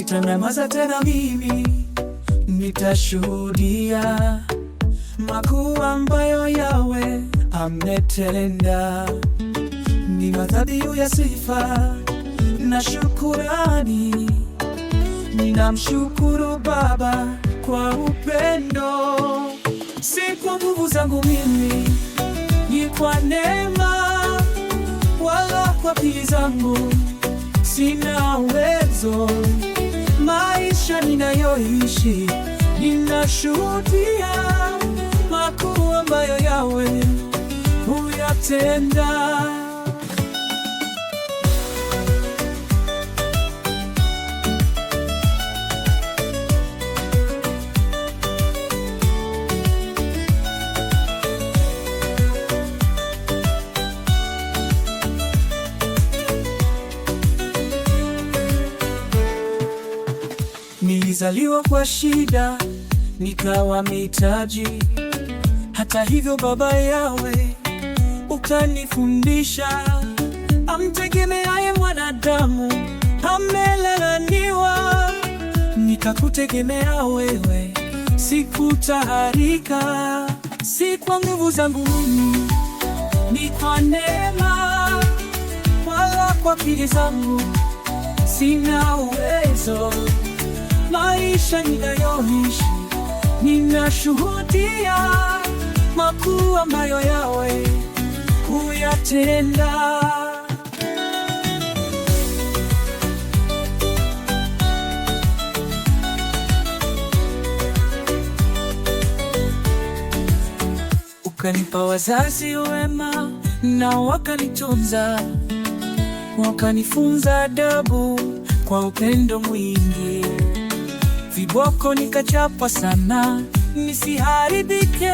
sitanyamaza tena, mimi nitashuhudia makuu ambayo yawe ametenda. Ni madhabihu ya sifa na shukurani, ninamshukuru Baba kwa upendo. Si kwa nguvu zangu mimi, ni kwa neema, wala kwa akili zangu sina uwezo maisha ninayoishi, ninashuhudia makuu ambayo Yawe huyatenda. Nilizaliwa kwa shida, nikawa mitaji. Hata hivyo, Baba Yawe ukanifundisha, amtegemeaye mwanadamu amelalaniwa. Nikakutegemea wewe, sikutaharika. Si kwa nguvu zangu mimi, ni kwa neema, wala kwa akili zangu sina uwezo maisha ninayoishi, ninashuhudia makuu ambayo yawe huyatenda. Ukanipa wazazi wema na wakanitunza, wakanifunza adabu kwa upendo mwingi viboko nikachapa sana, nisiharibike.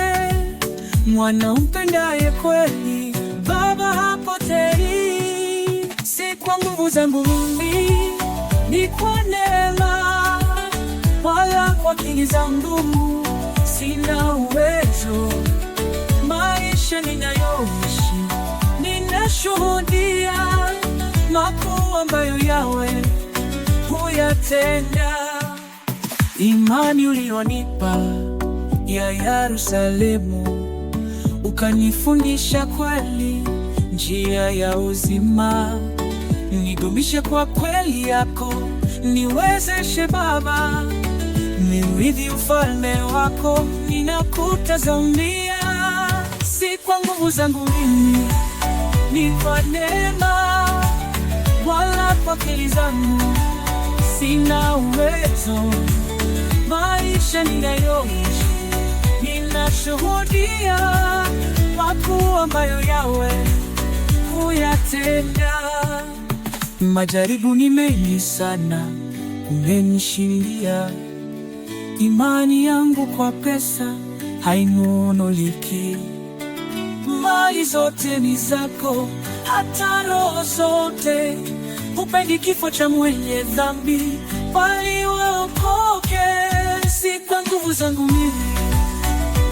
Mwana umpendaye kweli, baba hapotei. Si kwa nguvu zangu mimi, ni kwa neema, wala kwa akili zangu sina uwezo. Maisha ninayoishi ninashuhudia makuu ambayo yawe huyatenda Imani ulionipa ya Yerusalemu, ukanifundisha kweli njia ya uzima. Nidumishe kwa kweli yako, niwezeshe Baba, niurithi ufalme wako. Ninakutazamia, si kwa nguvu zangu mimi, ni kwa neema, wala kwa akili zangu sina uwezo maisha ninayoishi, ninashuhudia makuu ambayo yawe huyatenda. Majaribu ni mengi sana, umenishindia. Imani yangu kwa pesa hainunuliki. Mali zote ni zako, hata roho zote Hupendi kifo cha mwenye dhambi, bali waokoke. Si kwa nguvu zangu mimi,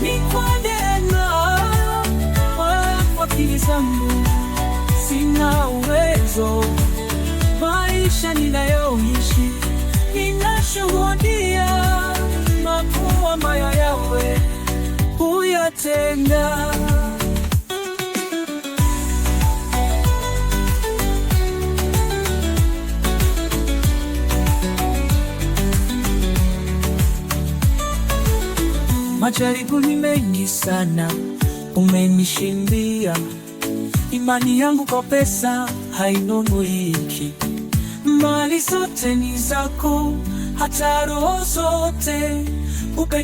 ni kwa kwa akili zangu sina uwezo. Maisha ninayoishi ninashuhudia makuu ambayo Yawe huyatenda. Majaribu ni mengi sana umenishindia, imani yangu kwa pesa hainunuliki. Mali zote ni zako, hata roho zote.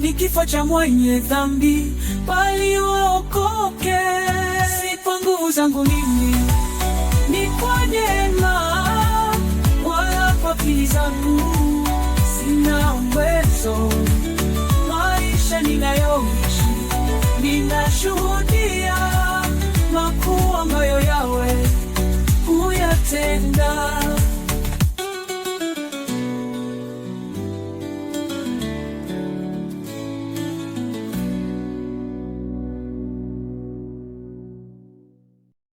ni kifo cha mwenye dhambi, bali uokoke. Si kwa nguvu zangu mimi